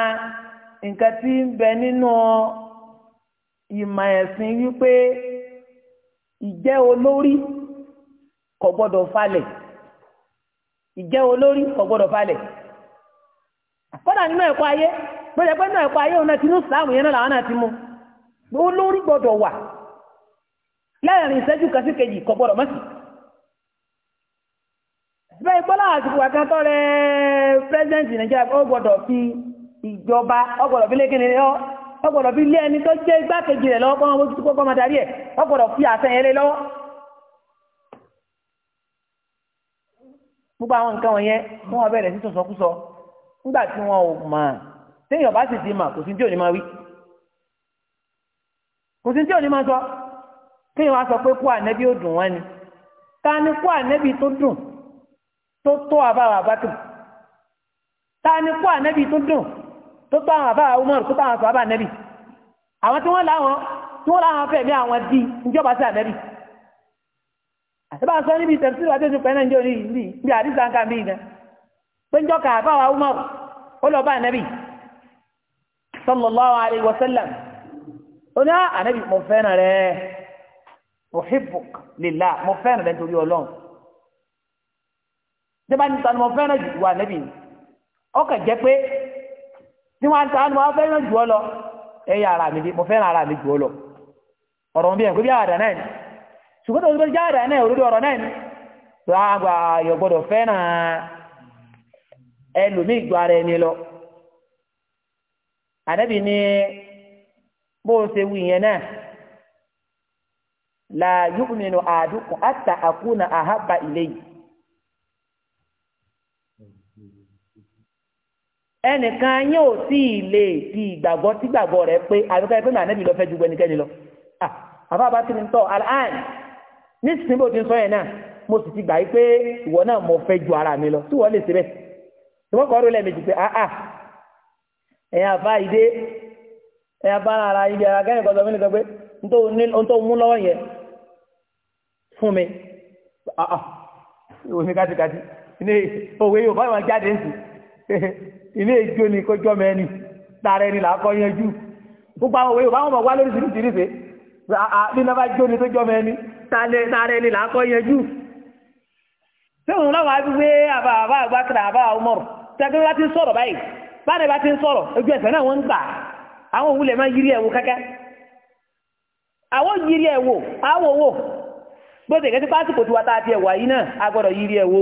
nǹkan tí ń bẹ nínú ìmọ̀ ẹ̀sìn wípé ìjẹ́ olórí kò gbọ́dọ̀ falẹ̀ ìjẹ́ olórí kò gbọ́dọ̀ falẹ̀ kọ́dà nínú ẹ̀kọ́ ayé bẹ́ẹ̀ na nínú ẹ̀kọ́ ayé òun náà ti ya yẹn náà làwọn ti mú olórí gbọ́dọ̀ wà lẹ́yìn ìṣẹ́jú kan sí kejì kò gbọ́dọ̀ mọ́sí àsìkò nàìjíríà fi ìjọba fi wọ́n gbọ́dọ̀ fi lé ẹni tó jẹ́ igbákejì rẹ̀ lọ́wọ́ kọ́mọ bójú tó kọ́mọ darí ẹ̀ wọ́n gbọ́dọ̀ fi àtẹ̀yẹlé lọ́wọ́. gbogbo àwọn nǹkan wọ̀nyẹn fún wọn bẹ̀rẹ̀ sí sọ̀sọ́kúsọ nígbà tí wọn ò mọ̀ téèyàn bá sì ti mà kò sí tí ò ní máa wí kò sí tí ò ní máa sọ téèyàn wá sọ pé kú ànẹ́bí ò dùn wọn ni ta ni kú ànẹ́bí tó dùn tó tó àbáwà bákùn ta ni kú ànẹ́bí tó dùn tó tó àwọn àbá Umar tó tó àwọn sọ àbá nẹ́bì àwọn tí wọ́n láwọn tí wọ́n láwọn fẹ̀mí àwọn di ìjọba sí ànẹ́bì àtibá sọ níbi ìtẹ̀sí ìwádìí pẹ̀lú ẹ̀jọ́ ní ìlú bí àdìsá ń kàn bí ìgbà pé ń jọka àbá wa Umar ó lọ bá ànẹ́bì sallallahu alayhi wa sallam ó ní ah, ànẹ́bì mo fẹ́ràn rẹ̀ uhibbuk lillah mo fẹ́ràn rẹ̀ nítorí ọlọ́run jẹba nítorí mo tí wọ́n ta ni wọ́n fẹ́ràn jù ọ lọ ẹ̀yà ara mi mo fẹ́ràn ara mi jù ọ lọ ọ̀rọ̀ bí ẹ̀kọ́ bí àdá náà ni ṣùgbọ́n tó gbé jáàdá náà òdodo ọ̀rọ̀ náà ni lágbà ayọ̀ gbọ́dọ̀ fẹ́ràn ẹlòmíì ju ara ẹni lọ àdẹ́bì ni bó ṣe wù yẹn náà la yu'minu ahadukum hatta akuna ahabba ilayhi ẹnìkan yín ò sí ilé ti ìgbàgbọ́ tí gbàgbọ́ rẹ̀ pé àbíkọ́ ẹgbẹ́ màánẹ́bì lọ fẹ́ ju ẹnikẹ́ni lọ ah, àbá bá ti ní tọ́ aláàn nísinsìnyí bó ti ń sọ yẹn náà mo sì ti gbà yí pé ìwọ náà mo fẹ́ ju ara mi lọ tí wọ́n lè ṣe bẹ́ẹ̀ tí wọ́n kọ́ ọ́ lẹ́ẹ̀mejì pé áà ah, ah, ẹ̀yin àfa ìdé ẹ̀yin àfa ara ibi ara kẹ́yìn kọ́sọ́ mi nìkan pé n tó mú lọ́wọ́ yẹn fún mi àà ìwé mi kátikáti ní òwe Yorùbá ìwọ̀n jáde ń sì ilé ìjó ni kọjọ́ mẹ́ni tààrà ẹni làákọ́ yanjú gbogbo àwọn òwe báwọn ọmọ wá lórí síríṣìíríṣìí nínú bá jó ni tọjọ́ mẹ́ni tààrà ẹni làákọ́ yanjú sẹ́wọ̀n náà wàá wípé àbá àbá àgbàkìrà àbá ọmọrù tẹ́gbẹ́ bá ti ń sọ̀rọ̀ báyìí báyìí bá ti ń sọ̀rọ̀ ojú ẹsẹ̀ náà wọ́n ń gbà àwọn òun lè má yiri ẹ̀wò kẹ́kẹ́ àwọn yiri ẹ̀wò àwòwò bó ti kẹ́tí pásítọ̀ tiwa tá a ti ẹ̀wà yìí náà a gbọ́dọ̀ yiri ẹ̀wò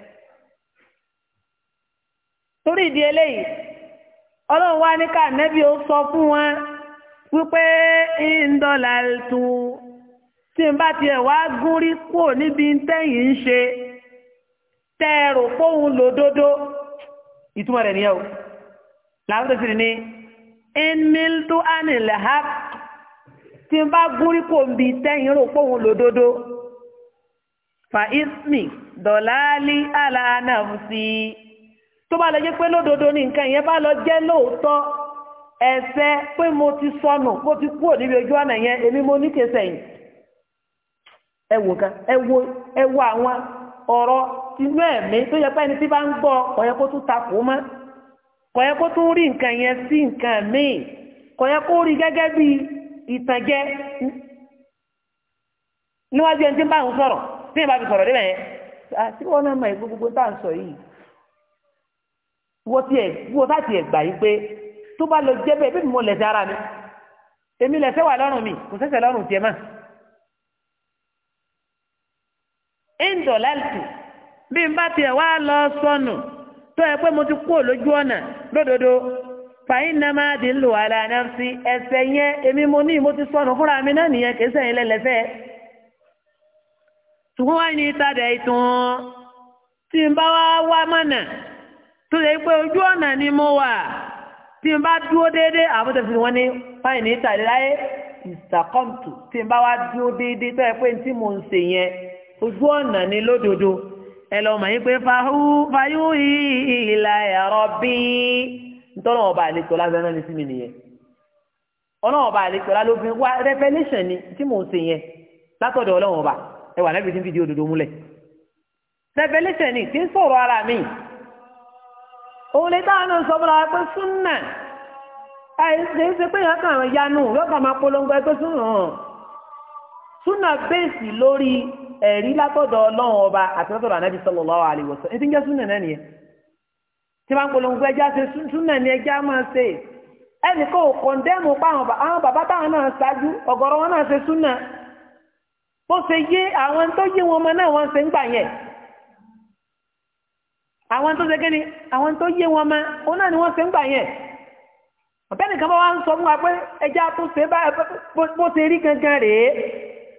torí ìdí eléyìí ọlọ́run wá ní ká nẹ́bí ó sọ fún wọn wípé ìndọ́là tù tí n bá tiẹ̀ wá gún rí kúrò níbi tẹ́yìn ń ṣe tẹ́ ẹ rò fóun lòdodo ìtumọ̀ rẹ̀ nìyẹn o làwọn tó ti ní ìmìlítú ánìlẹ̀há tí n bá gún rí kúrò níbi tẹ́yìn rò fóun lòdodo fa ismi dọ̀láálí àlàánà sí tó bá lọ jẹ́ pé lódodo ní nǹkan ìyẹn bá lọ jẹ́ lóòótọ́ ẹ̀ṣẹ̀ pé mo ti sọnù mo ti kúrò níbi ojú ọ̀nà yẹn èmi mo ní yìí n kan àwọn ọ̀rọ̀ inú ẹ̀mí tó yẹ pé ẹni tí bá ń gbọ́ kò kó tún takò mọ́ kó tún rí nǹkan yẹn sí nǹkan míì kó rí gẹ́gẹ́ bí níwájú ẹni tí ń bá sọ̀rọ̀ tí wọ́n ti ẹ̀ wọ́n bá ti ẹ̀ gbà yí pé tó bá lọ jẹ́ bẹ́ẹ̀ bí mo lẹ̀sẹ̀ ara mi èmi lẹ̀sẹ̀ wà lọ́rùn mi kò sẹ́sẹ̀ lọ́rùn tiẹ̀ mọ́. indọ̀lẹ́tì bí n bá tiẹ̀ wá lọ sọnù tó ẹ pé mo ti kú lójú ọ̀nà lódodo fàyín náà máa di lò àlà náà sí ẹsẹ̀ yẹn èmi mo ní mo ti sọnù fúnra mi náà nìyẹn kì í sẹ́yìn lẹ́lẹ́sẹ̀ ṣùgbọ́n wá ní ìtajà ìtàn tí n bá wá wá mọ̀nà tó yẹ pé ojú ọ̀nà ni mo wà tí n bá dúró déédéé àwọn tó fi wọn ní fáìní ìtàlẹ́ láyé ìsàkọ́mtù tí n bá wá dúró déédéé tó yẹ pé tí mo ń ṣe yẹn ni lódodo ẹ lọ mọ̀ yín pé fayú ìlà ẹ̀rọ bí ọba àlejò lábẹ́ náà ní sími nìyẹn ọlọ́run ọba àlejò revelation ni tí ń yẹn ọba ẹ wà lẹ́bi tí òdodo múlẹ̀ ni tí òun lè dáhùn náà sọ fúnra pé súnà àìsè ṣe pé yàn kàn yanu lọ́kàn máa polongo ẹgbẹ́ súnà súnà bẹ́ẹ̀sì lórí ẹ̀rí látọ̀dọ̀ ọlọ́run ọba àti látọ̀dọ̀ ànábì sallallahu alaihi wasallam ètí ń jẹ́ súnà náà nìyẹn tí máa ń polongo ẹja ṣe súnà ní ẹja máa ṣe ẹnì kan ò kọ̀ndẹ́mù pa àwọn bàbá táwọn náà ṣáájú ọ̀gọ̀rọ̀ àwọn tó segin ni àwọn tó yé wọn mọ òun náà ni wọn ṣe ń gbà yẹn ọ̀tẹ́ nìkan bá wá ń sọ fún wa pé ẹja tó ṣe bá bó ṣe rí gangan rèé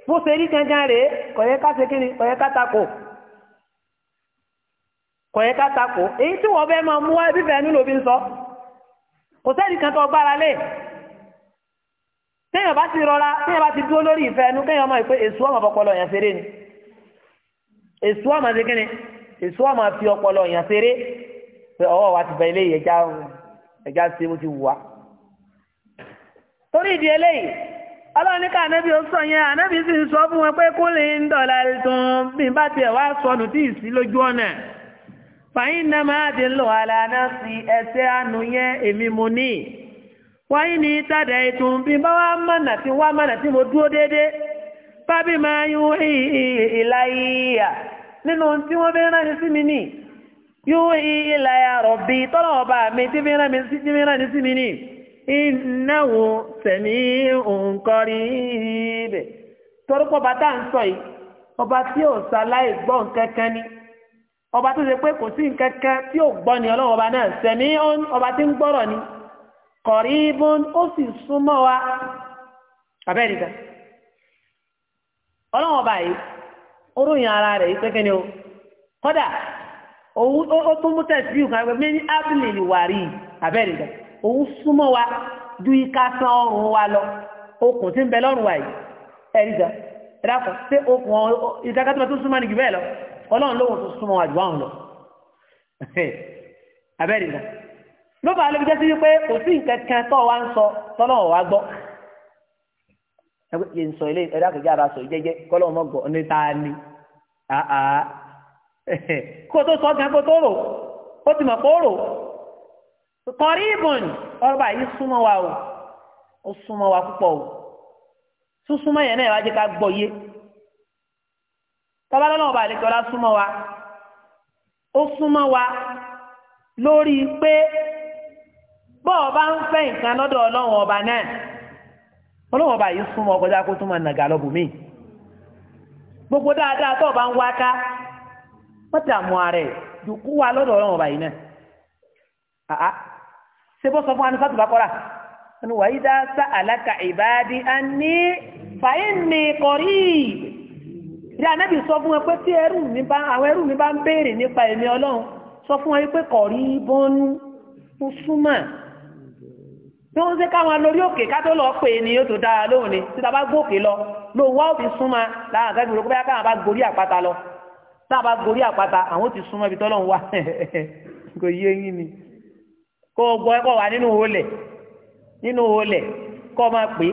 bó ṣe rí gangan rèé kọ̀yẹ́ ká segin ni kọ̀yẹ́ ká takò kọ̀yẹ́ ká takò èyí tí wọ́n fẹ́ máa mú wá bíbẹ̀ ẹnu lòbí ń sọ kò sẹ́ni kan tó gbára lé téèyàn bá ti rọra téèyàn bá ti dúró lórí ìfẹ́ ẹnu kéèyàn mọ̀ pé èso ọmọ ọpọlọ yẹn ṣeré ni èso ọmọ ṣe kí èso àmà fi ọpọlọ yàn ṣeré pé ọwọ́ wa ti bẹ eléyìí ẹja ẹja ṣe bó ti wù wá. torí ìdí eléyìí ọlọ́run ní ká ànábì ó sọ yẹn ànábì sì ń sọ fún wọn pé kó lè ń dọ̀là tún bí n bá tiẹ̀ wá sọnù tí ì sí lójú ọ̀nà fàyín náà máa ti ń lò àlànà sí ẹsẹ̀ àánú yẹn èmi mo ní wáyé ní tàdà ètùn bí n bá wá mọ̀nà tí wá mọ̀nà tí mo dúró déédéé bábí máa yún ìlà ìyà nínú tí wọ́n fẹ́ rán ni sí mi ní yóò ilà àrọ̀ bí tọ́lọ̀ ọba mi tí fi rán ni sí mi ní ìnáwó sẹ̀mí òǹkọrí ibẹ̀ torúpọ̀ bàtà ń sọ yìí ọba tí ò ṣaláì gbọ́ nǹkan kan ni ọba tó ṣe pé kò sí nǹkan kan tí ò gbọ́ ni ọlọ́run ọba náà sẹ̀mí ọba tí ń gbọ́rọ̀ ni kọ̀rí ibùn ó sì súnmọ́ wa abẹ́rẹ́ ìgbà ọba yìí. oróyìn ara rẹ̀ yìí ni o kọ́dà ó tún mú tẹ̀sí yìí kan pé abúlé ni wà rí rẹ̀ òun súnmọ́ wa ju ika san ọrùn wa lọ okùn tí ń bẹ lọ́rùn wa yìí ẹ̀rí gan okùn ìdákàtúmọ̀ ẹgbẹ́ yẹn sọ ilé ẹ̀dá kẹ̀kẹ́ ara sọ jẹ́jẹ́ kọ́lọ́ ọmọ gbọ́ ní ta ni kó tó sọ gan kó tó rò ó ti mọ̀ kó rò kọrí ìbùn ọba yìí súnmọ́ wa o ó súnmọ́ wa púpọ̀ o súnmọ́ yẹn náà wá jẹ́ ká gbọ́ yé tọ́ba lọ́nà ọba àlejò ọlá súnmọ́ wa ó súnmọ́ wa lórí pé bọ́ọ̀ bá ń fẹ́ nǹkan lọ́dọ̀ ọlọ́run ọba náà ọlọ́wọ́n bá yìí súnmọ́ ọkọjá kó tún máa nàgà lọ́bù mí gbogbo dáadáa tó bá ń wá ká wọ́n ti àmú ààrẹ dùkú wa lọ́dọ̀ ọlọ́wọ́n bá yìí náà àá ṣe bó sọ fún anú sátúbà kọ́ra ẹnu wàyí dá sá àlákà ìbáàdí á ní fàyín ní ìdí ànábì sọ fún ẹ pé tí ẹrù mi bá àwọn ẹrù mi bá ń béèrè nípa ẹ̀mí ọlọ́run sọ fún ẹ pé kọrí bọ́nú ó súnmọ́ bí wọ́n ṣe káwọn lórí òkè ká tó lọ pè é yóò tó dára lóhùn ni bá gbóòkè lọ lóhùn wá fi súnmọ́ láwọn àgbẹ̀ gbòòrò káwọn bá gorí àpáta lọ táwọn bá gorí àpáta àwọn ti súnmọ́ ibi tọ́lọ́hún wà kò yé yín ni kó o gbọ́ ẹ̀kọ́ wà nínú olè nínú o máa pè é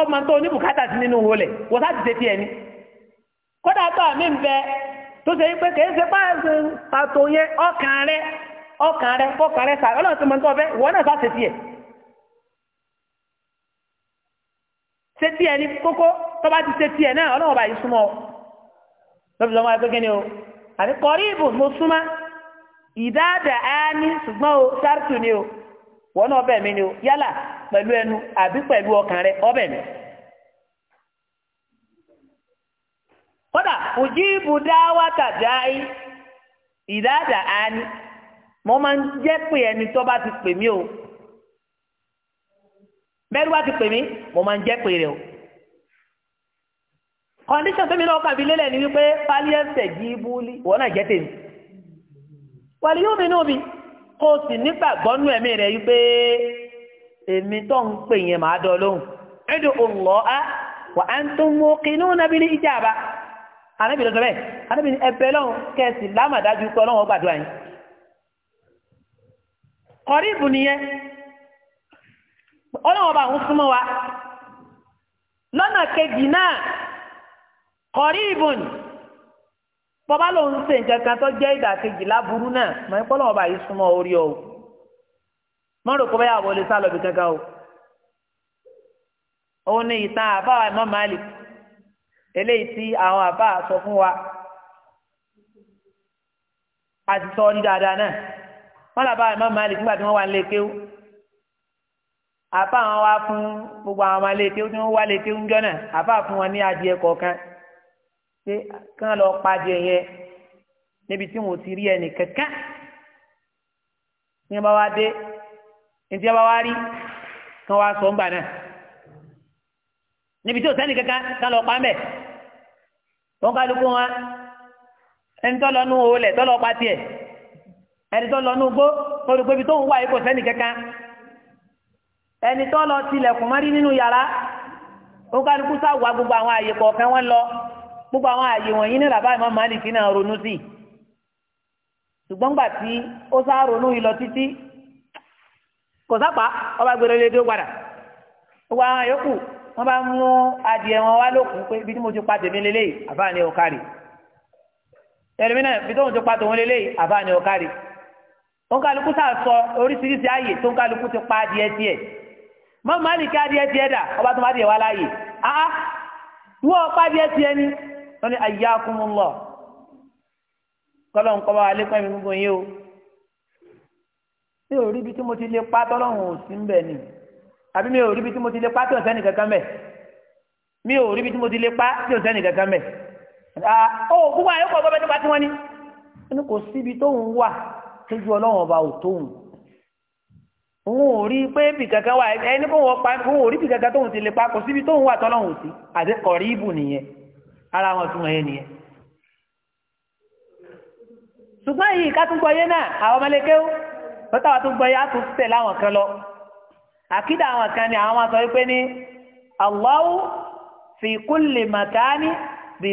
ọgbọ́ tó oníbùkátà sí nínú wọ́n ọkàn rẹ fọkàn rẹ sàrẹ ọlọ́run tó mọ tó ọbẹ̀ ìwọ náà sáà ṣètì ẹ̀ ṣètì ẹ̀ ní kókó tó ti ṣètì náà yìí ọ o àti ìbò mo ìdáàdà á ní o ni o mi ni o yálà ẹnu àbí ọkàn rẹ mi. kódà wákàtí ìdáàdà á mo ma ń jẹ́ pé ẹni tó bá ti pè mí o bẹ́ẹ̀ bá ti pè mí mo ma ń jẹ́ pé rẹ̀ o condition tẹ́mi náà kàbí lélẹ̀ ni wípé pálíẹ̀sẹ̀ jí búlí wọ́n náà jẹ́ tèmi wàlí yóò mi náà mi kó o sì nígbàgbọ́ nú ẹ̀mí rẹ̀ wípé èmi tó ń pè yẹn màá dán lóhùn ẹ̀dùn òǹlọ́ á wà á ń tún mú kinú nàbí ní ìjàmbá anábìlẹ̀ sọ bẹ́ẹ̀ anábìlẹ̀ ẹ̀bẹ̀ lọ́hùn kẹ́sì lámàdájú pé ọlọ́run ó gbàdúrà kọ̀rí ìbù nìyẹn ọlọ́wọ́n bá ń wa kejì náà kọ̀rí ìbù ni bọ́bá lòun ń ṣe nǹkan kan tó jẹ́ ìdà kejì láburú náà mọ̀ nípa ọlọ́wọ́n bá yìí súnmọ́ orí o mọ́rò kó kankan o òun ni ìtàn àbáwá Imam Malik eléyìí tí àwọn àbá sọ wa wọ́n làbá Imam Malik nígbà tí wọ́n wà ń lé kéwú àfa àwọn wa fún gbogbo àwọn ọmọ lé kéwú tí wọ́n wá lé kéwú ńjọ́ náà àfa fún wọn ní adìẹ kọ̀ọ̀kan pé kán lọ pa adìẹ yẹn níbi tí wọn ò ti rí ẹnì kankan ní ẹ bá wá dé ní tí wá rí kán wá sọ ńgbà náà níbi tí ò sẹ́ni kankan kán lọ pa mẹ́ wọ́n kálukú wọn ẹni tọ́lọ́nù òwò lẹ̀ tọ́lọ́ pa tiẹ̀ ẹni tó lọ ní ugbó torí pé ibi tó ń wà yìí kò sẹ́ni kankan ẹni tó lọ tilẹ̀kùn mọ́rí nínú yàrá ó ká ní kú sáwà gbogbo àwọn àyè kọ̀ọ̀kan wọn lọ gbogbo àwọn àyè wọ̀nyí ní làbá ìmọ̀ màálìkì náà ronú sí i ṣùgbọ́n gbà tí ó sá ronú yìí lọ títí kò sápá ọba gbèrè lédè padà gbogbo àwọn àyókù wọn bá mú adìẹ wọn wá lókun pé ibi tí mo ti pa tèmi lélẹ́yìí àbáà ni ọ̀kárì tẹ̀lé ibi tí mo ti pa tòun lélẹ́yìí àbáà ni ọ̀kárì tó ń kálukú tá a sọ oríṣiríṣi ààyè tó ń kálukú ti pa adìẹ tiẹ mọ́mọ́ málìkì adìẹ tiẹ dà ọba tó má dìẹ wá láàyè áá wọ́n pa adìẹ tiẹ ni wọ́n ní ayyakumullah kọ́lọ́n kọ́ bá wa lépa mi gbogbo yín o mi ò rí ibi tí mo ti lè pa tọ́lọ́hún ò sí mbẹ̀ ni àbí mi ò rí ibi tí mo ti lè pa tí ò sẹ́ni kankan mbẹ̀ mi ò rí ibi tí mo ti lè pa tí ò sẹ́ni kankan mbẹ̀ ó gbogbo àyè kọ́ bọ́bẹ́ tójú ọlọ́run ọba ò tóun òun ò rí pé bì kankan wà ẹni kó wọn pa òun ò rí bì kankan tóun ti lè pa kò síbi tóun wà tọ́lọ́run sí àti kọ̀rí ibù nìyẹn ara wọn tún ẹyẹ nìyẹn. ṣùgbọ́n yìí ká tún gbọ́yé náà àwọn ọmọlẹ́kẹ́ ó lọ́tà wa tún gbọ́yé á tún tẹ̀ láwọn kan lọ àkídà àwọn kan ni àwọn máa sọ wípé ní Allahu fi kulli makani bi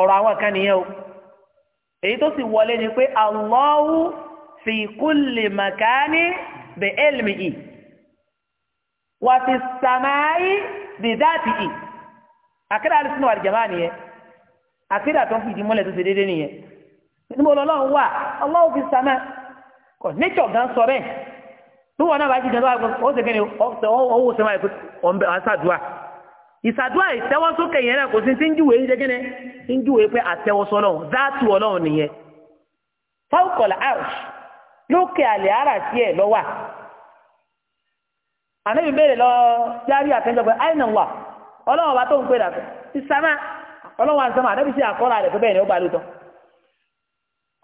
ọ̀rọ̀ àwọn kan nìyẹn o èyí tó sì wọlé ni pé Allahu fi kulli makani bi ilmihi wa fi samai bi dhatihi àkídà alùsùnà wal jamaa nìyẹn àkídà tó ń fìdí mọ́lẹ̀ tó ṣe déédéé nìyẹn níbo lọ́lọ́run wà Allahu fi samai kọ̀ nature gan sọ bẹ́ẹ̀ tó náà bá jí jẹ́ tó wà ó ṣe kí ni ọ̀wọ́ sẹ́wọ́n ẹ̀kọ́ ọ̀n bẹ́ẹ̀ ìsàdúrà ìtẹ́wọ́sókè yẹn náà kò sí ti ń júwèé ń jẹ́gẹ́nẹ́ ń júwèé pé àtẹ́wọ́sọ náà záàtù ọlọ́run nìyẹn fọ́ọ̀kọ̀lá arsh lókè àlè ara sí ẹ̀ lọ́wà ànábì béèrè lọ járí àtẹ́jọ́ pé àìnà wà ọlọ́run bá tó ń pè dà ìsàmà ọlọ́run wa ń sánmà ànábì sí àkọ́lá rẹ̀ pé bẹ́ẹ̀ ni ó bá lóòótọ́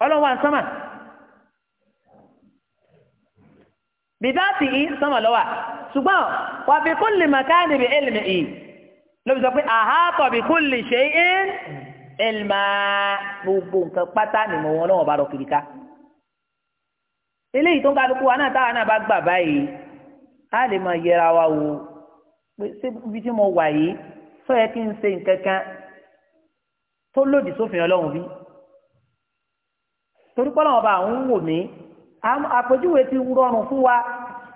ọlọ́run wa ń sánmà bìdáàtì lóbi sọ pé àhátọ̀ bí kú lè ṣe é ẹlẹ́mà gbogbo nǹkan pátá nìmọ̀ wọn lọ́wọ́ bá lọ kiri ká eléyìí tó ń kálukú wa náà táwa náà bá gbà báyìí á lè máa yẹra wa wò pé ṣé ibi tí mo wà yìí sọ yẹ kí n ṣe nǹkan kan tó lòdì sófin ọlọ́run bí torí pé ọlọ́run àwọn ń wò mí àpèjúwe ti rọrùn fún wa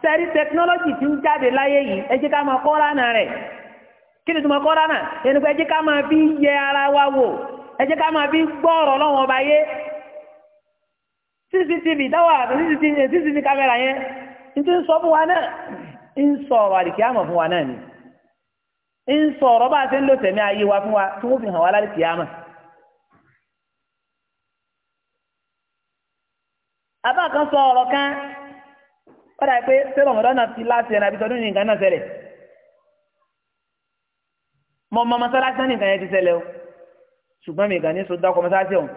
sẹ́rí tẹkinọ́lọ́jì ti ń jáde láyé yìí ẹ jẹ́ ká máa kọ́ lánàá rẹ̀. kí ni na kọ́ra náà ẹni pé ara wa wò ẹ ká máa fi gbọ́ ọ̀rọ̀ lọ́wọ́ ọba yé cctv cctv kámẹ́rà yẹn n ti sọ fún wa náà ń sọ ọ̀rọ̀ àdìkí àmọ̀ fún wa náà ni sọ ọ̀rọ̀ bá a ń lò tẹ̀mí ayé wa fún wa tí wọ́n fi hàn wá sọ ọ̀rọ̀ kan mọ ọmọ mọ́sálásí náà nìkan yẹn ti ṣẹlẹ̀ o ṣùgbọ́n mi kàn ní so dákọ̀ mọ́sálásí ọ̀hún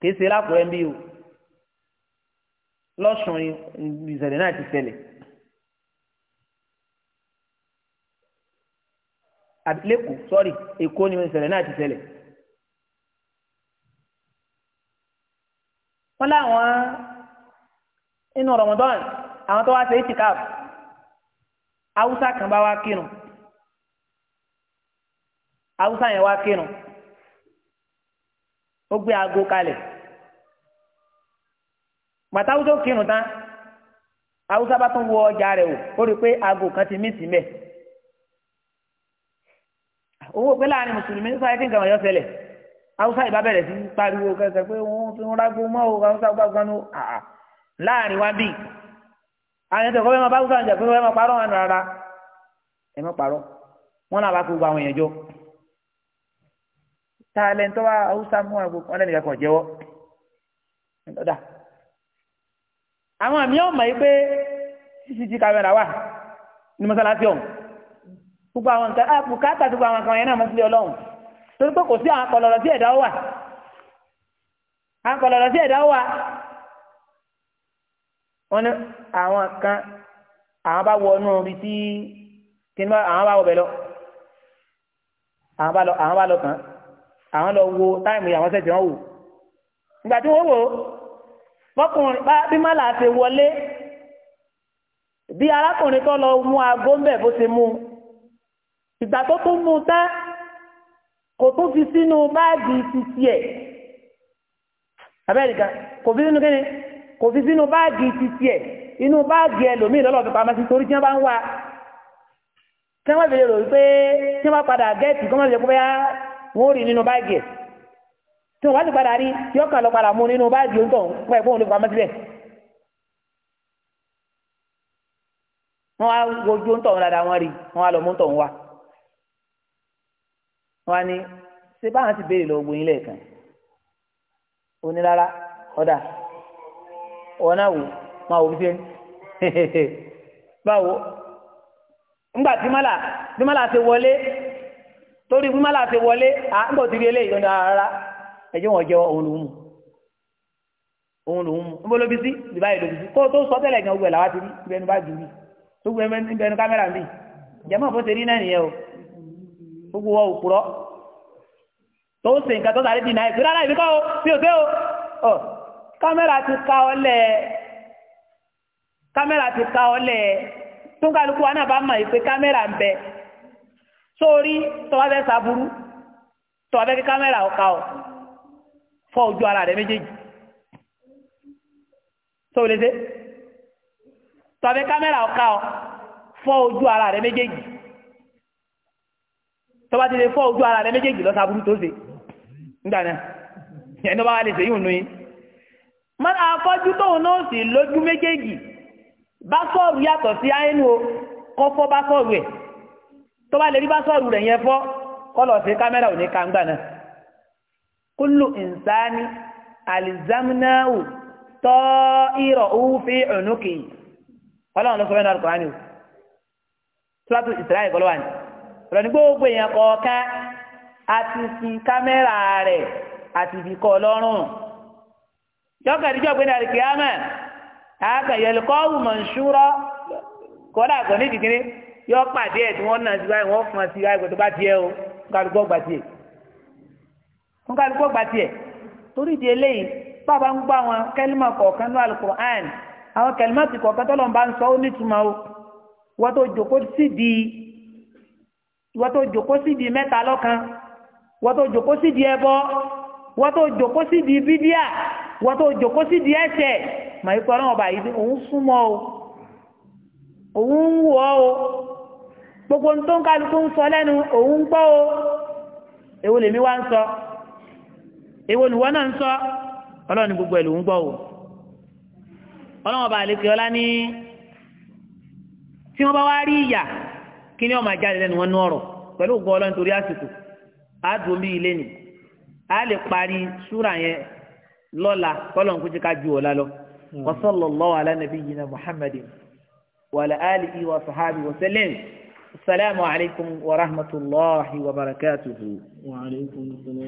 kì í ṣe lákùrẹ́ ń bí o lọ́sùn ìṣẹ̀lẹ̀ náà ti ṣẹlẹ̀ lẹ́kọ̀ọ́ sọ́ọ̀rì èkó ni ìṣẹ̀lẹ̀ náà ti ṣẹlẹ̀ wọ́n láwọn inú Ramadan àwọn tó wá ṣe é tìkáàbù haúsá kan bá wá kírun haúsá yẹn wá kírun ó gbé aago kalẹ̀ bàtà haúsá ó kírun tán haúsá bá tún wọ ọjà rẹ̀ wò ó rí i pé aago kan ti mí sí mẹ́ owó pé láàrin mùsùlùmí sáyẹ́ kí nǹkan ọ̀yọ́ ṣẹlẹ̀ haúsá ìbá bẹ̀rẹ̀ sí pariwo kẹsẹ̀ pé wọ́n fi ń rágbó mọ́ o haúsá gbàgbọ́n ní àà láàrin wá bíi àwọn ẹ̀tọ́ kọ́bẹ́ máa bá haúsá ń jẹ́ pé wọ́n máa parọ́ wọn rárá ẹ̀ máa parọ́ wọn náà bá kó gbogbo àwọn èèyàn jọ tá a lẹ́ni tó wá haúsá mú àgbo wọn lẹ́nu kankan jẹ́wọ́ ọ̀dà àwọn àmì ọ̀mọ̀ yìí pé cctv kámẹ́rà wà ní mọ́sálásí ọ̀hún gbogbo àwọn nǹkan á bùkátà tó gbogbo àwọn nǹkan yẹn náà mọ́sílẹ̀ ọlọ́run torí pé kò sí àwọn kọlọ̀rọ̀ sí ẹ̀dá wà àwọn kọlọ̀rọ̀ sí ẹ̀dá wà wọ́n ní àwọn kan àwọn bá wọ inú ibi tí kí ni àwọn bá wọ bẹ̀ lọ àwọn bá lọ kàn án àwọn lọ wo táìmù yàwọn sẹ̀tì wọn wò ìgbà tí wọ́n wò fọkùnrin bá bí má là ṣe wọlé bí arákùnrin tó lọ mú aago ń bẹ̀ bó ṣe mú ìgbà tó tún mú tán kò tún fi sínú báàgì titi ẹ̀ abẹ́rẹ́ nìkan kò fi sínú kíni kò fi sínú báàgì titi ẹ̀ inú báàgì ẹlòmíì lọ́lọ́ fi pamọ́ sí torí tí wọ́n bá ń wá kí wọ́n fi lè rò wípé tí wọ́n padà gẹ́ẹ̀tì kí wọ́n rí nínú báàgì ẹ̀ tí wọ́n bá ti padà rí yóò kàn lọ padà mú nínú báàgì oúnjẹ òun pẹ́ fóun ló pamọ́ sílẹ̀ wọ́n á wojú oúnjẹ òun dáadáa wọ́n rí wọ́n á lọ mú oúnjẹ òun wá wọ́n á ní ṣé báwọn ti béèrè lọ gbóyin lẹ́ẹ̀kan onílára ọ̀dà ọ̀nà wò máa wò fífẹ́ báwo ńgbà tí mọ́là tí mọ́là ti wọlé torí fún mọ́lá ti wọlé àgbò ti rí eléyìí ọ̀nà ara ah, ẹjọ́ wọn jẹ́ òun lòun òun lòun ń bọ́ lóbi sí ìbá yìí lóbi sí kó tó sọ tẹ́lẹ̀ gan gbogbo ẹ̀ làwa ti rí ibẹnu bá jù mí tó gbogbo ẹmẹ níbẹnu kámẹ́rà mi jẹ́mọ́ fún sẹ́rí náà nìyẹn o gbogbo wọn ò purọ́ tó ń ṣe nǹkan tó sáré dìnnà ìpínlẹ̀ rárá ìbíkọ́ o bí o dé kámẹ́rà ti ka ọ kámẹ́rà ti ka ọ sórí tọ́wọ́ fẹ́ sábúrú tọ́wọ́ fẹ́ kí kámẹ́rà ọ̀ka ọ̀ fọ́ ojú ara rẹ̀ méjèèjì sóò lédè tọ́wọ́ fẹ́ kámẹ́rà ọ̀ka ọ̀ fọ́ ojú ara rẹ̀ méjèèjì tọ́wọ́ ti lè fọ́ ojú ara rẹ̀ méjèèjì lọ sábúrú tó ṣe nígbà náà ẹni wọ́n wá lè ṣe yìí nù yín mọ́nà afọ́jú tóun náà sì lójú méjèèjì o kọ́fọ́ tó bá lè rí bá fọ rẹ̀ yẹn fọ́ kọ́lọ̀ kámẹ́rà òní náà kúlù ìnsáni àlìzámúnáwù tọ́ ìrọ̀ òwúfẹ́ ònúkì ọlọ́run ló sọ fẹ́ràn alukọ̀rán ni tíwájú ìsirayẹ kọ́lọ́wà ni ọ̀rọ̀ gbogbo èèyàn àti fi kámẹ́rà rẹ̀ àti fi kọ́ ọlọ́run yọ pàdé ẹ̀ tí wọ́n nà sí báyìí wọ́n fún ọ sí báyìí tó bá tiẹ̀ o nkàlùkọ́ gbà tiẹ̀ nkàlùkọ́ gbà tiẹ̀ torí di eléyìí bàbá ń gbọ́ àwọn kẹlímà kọ̀ọ̀kan ní alukur'an àwọn kẹlímà ti kọ̀ọ̀kan tọ́lọ̀ ń bá ń sọ ó nítumọ̀ o wọ́n tó jòkó sí di wọ́n tó jòkó sí di mẹ́ta lọ́kan wọ́n tó jòkó sí di ẹbọ wọ́n tó jòkó sí di bídíà wọ́n tó jòkó sí di ẹ̀ṣẹ̀ màá ikú ọlọ́wọ́n báyìí òun súnmọ́ o òun ń wọ́ o. gbogbo tó ń kálukú ń sọ lẹ́nu òun gbọ́ o lèmi wá ń sọ èwo nìwọ náà ń sọ ọlọ́run gbogbo o ọlọ́run ọba àlekè ọlá ní tí wọ́n bá wá rí ìyà kí ni ọmọ àjáde lẹ́nu wọn nú ọ̀rọ̀ pẹ̀lú ògbọ́ ọlọ́run torí àsìkò àádùn bí ilé a lè parí yẹn lọ́la kọ́lọ́n ká ju alihi wa sahabi wa السلام عليكم ورحمة الله وبركاته وعليكم السلام